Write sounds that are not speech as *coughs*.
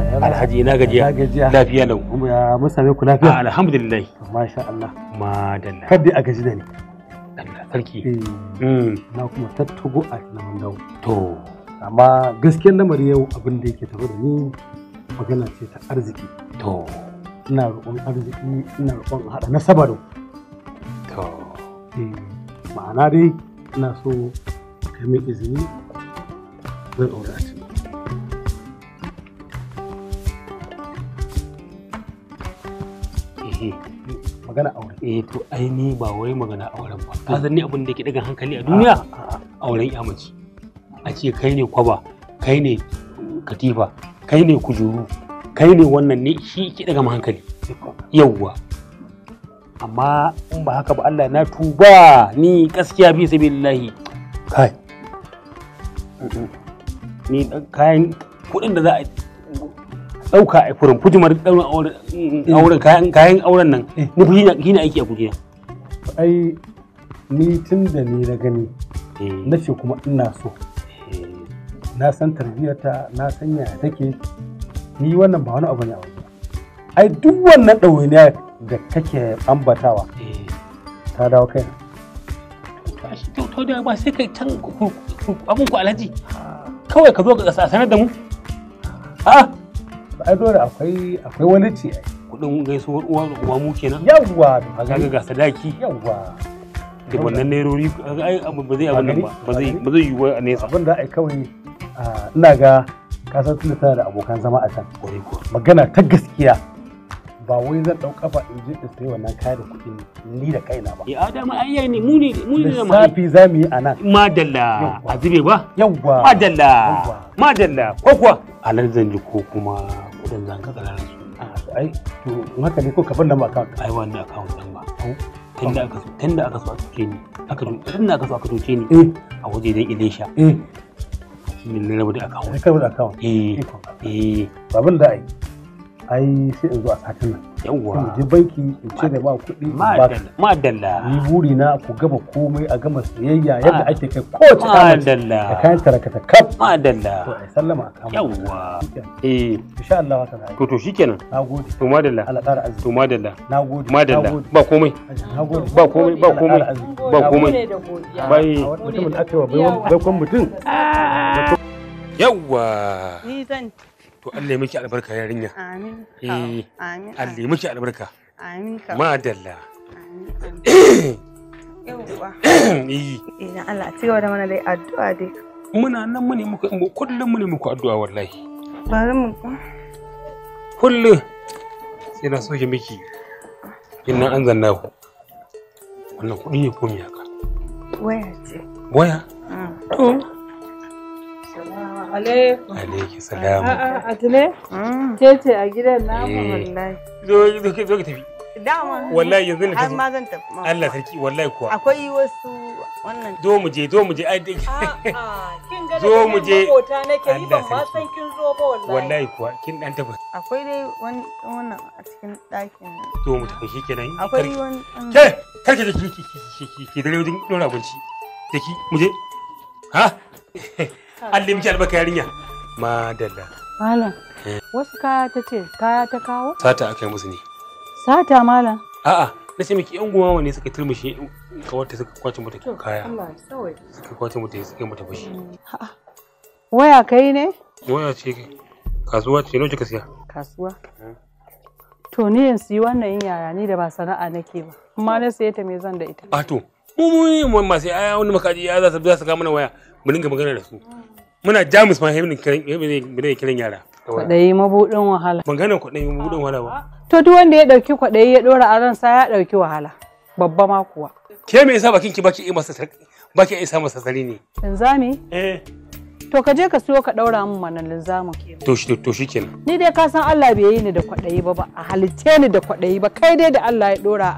alhaji ina gajiya lafiya lau ya mun ku lafiya ah, alhamdulillah masha Allah madalla kaddi a gaji da ni Allah sarki eh, hmm. na kuma tattugo a nan dawo to amma gaskiyar lamari yau abin da yake tafi da ni magana ce ta arziki to ina roƙon arziki ina roƙon hada na sabaro to eh, ma'ana dai ina so kai min izini zan ɗaura a cikin Eh. magana aure eh to ai ni ba wai magana auren ba ka zanni hmm. abin da ke daga hankali a duniya ah, ah, ah. auren ya mace a ce kai ne kwaba kai ne katifa kai ne Kujuru? kai ne wannan ne shi ke daga hankali yauwa amma in ba haka ba Allah na tuba ni gaskiya bi sabilillahi kai ni kayan kudin da za a ɗauka a furin fujimar auren kayan auren nan eh. ni fi hina aiki a kujera ai ni tun da ni na gani eh. na ce kuma ina so eh. na san tarbiyyarta na san ya take ni wannan ba wani abu ne a wajen ai duk wannan ɗawainiya da kake ambatawa ta dawo kai Ta da ba sai kai can abin ku alhaji kawai ka zo ka sanar da mu a'a ah. ah! ai dole akwai akwai wani ce kudin gaisuwar uwa uwa mu kenan yawwa kaga ga sadaki yawwa da wannan nairori ai abu ba zai abin ba ba zai ba zai yiwu a nesa abin da ai kawai ah, ina ga ka san tunda tana da abokan zama a can magana ta gaskiya ba wai zan ɗau kafa in je in sayi wannan kayan kuɗi ni da kaina ba. Ya eh, da mu ayya ne mu ne mu ne mu. Lissafi za mu yi anan. Ma Madalla a ba. Yawwa. Madalla. Madalla ko kuwa. A nan zan ji ko kuma kuɗin zan ka tsara su. Ah, ai to in haka ne ko ka bar nan ba ka. Ai wannan akawun ɗan ba. Tunda aka so tunda aka so aka ni aka tunda aka so aka doke ni eh. a waje dan Ilesha. Eh. Shi ne na rabu da akawun. Ka rabu da akawun. Eh. Eh. Babin da ai. ai sai in zo a satin nan yawwa in je banki in ce da ba kuɗi ma dalla ni buri na ku gama komai a gama siyayya yadda ake kai ko ta ma dalla da kayan tarakata kaf ma dalla to ai sallama a kama yawwa eh insha Allah wa ta'ala to to shikenan nagode to ma dalla Allah tsara azumi to ma dalla nagode ma dalla ba komai nagode ba komai ba komai ba komai bai mutum da akewa bai kon mutum ah. yawwa ni zan to Allah ya miki albarka yarinya amin eh Allah ya miki albarka amin ka madalla yauwa *coughs* eh, eh Allah da mana dai addu'a dai muna nan kullum addu'a wallahi bari mu kullum na soke miki inna wannan kuɗi ne ko miyaka waya ce mm. alaikum alaiki salamu a'a atule a gidan na wallahi zo ki zo ki tafi dama wallahi yanzu ne tafi Allah sarki wallahi kuwa akwai wasu wannan zo mu je zo mu je kin ga zo mu je nake ni ban ma san kin zo ba wallahi wallahi kuwa kin dan tafi akwai dai wannan a cikin ɗakin zo mu tafi shikenan akwai wani ke karki ki ki ki ki dora da ki mu je ha Allah miki albaka yarinya madalla malam wasu kaya ta ce kaya ta kawo sata aka yi musu ne sata malam a'a na ce miki yan gumawa wani suka turmushe wata suka kwace mata kaya suka kwace mata suka mata fashi waya kai ne waya ce kasuwa ce lokaci ka siya kasuwa hmm. to ni in siyi wannan yin yaya ni da ba sana'a nake ba amma na siye ta me zan da ita a to mu mu ne masu aya wani makaji ya za su za ga mana waya mu dinga magana da su muna jamus ma hebin kiran kiran yara kwaɗayi mabuɗin wahala ban gane kwaɗayi mabuɗin wahala ba to duk wanda ya ɗauki kwaɗayi ya ɗora a ransa ya ɗauki wahala babba ma kuwa ke me yasa bakin ki baki iya masa baki iya masa sari ne linzami eh to ka je ka siyo ka ɗaura min mana linzamin to shi to shi kenan ni dai ka san Allah bai yi ni da kwaɗayi ba ba a halicce ni da kwaɗayi ba kai dai da Allah ya ɗora